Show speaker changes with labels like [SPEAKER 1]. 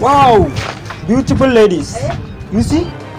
[SPEAKER 1] Wow! Beautiful ladies. You see?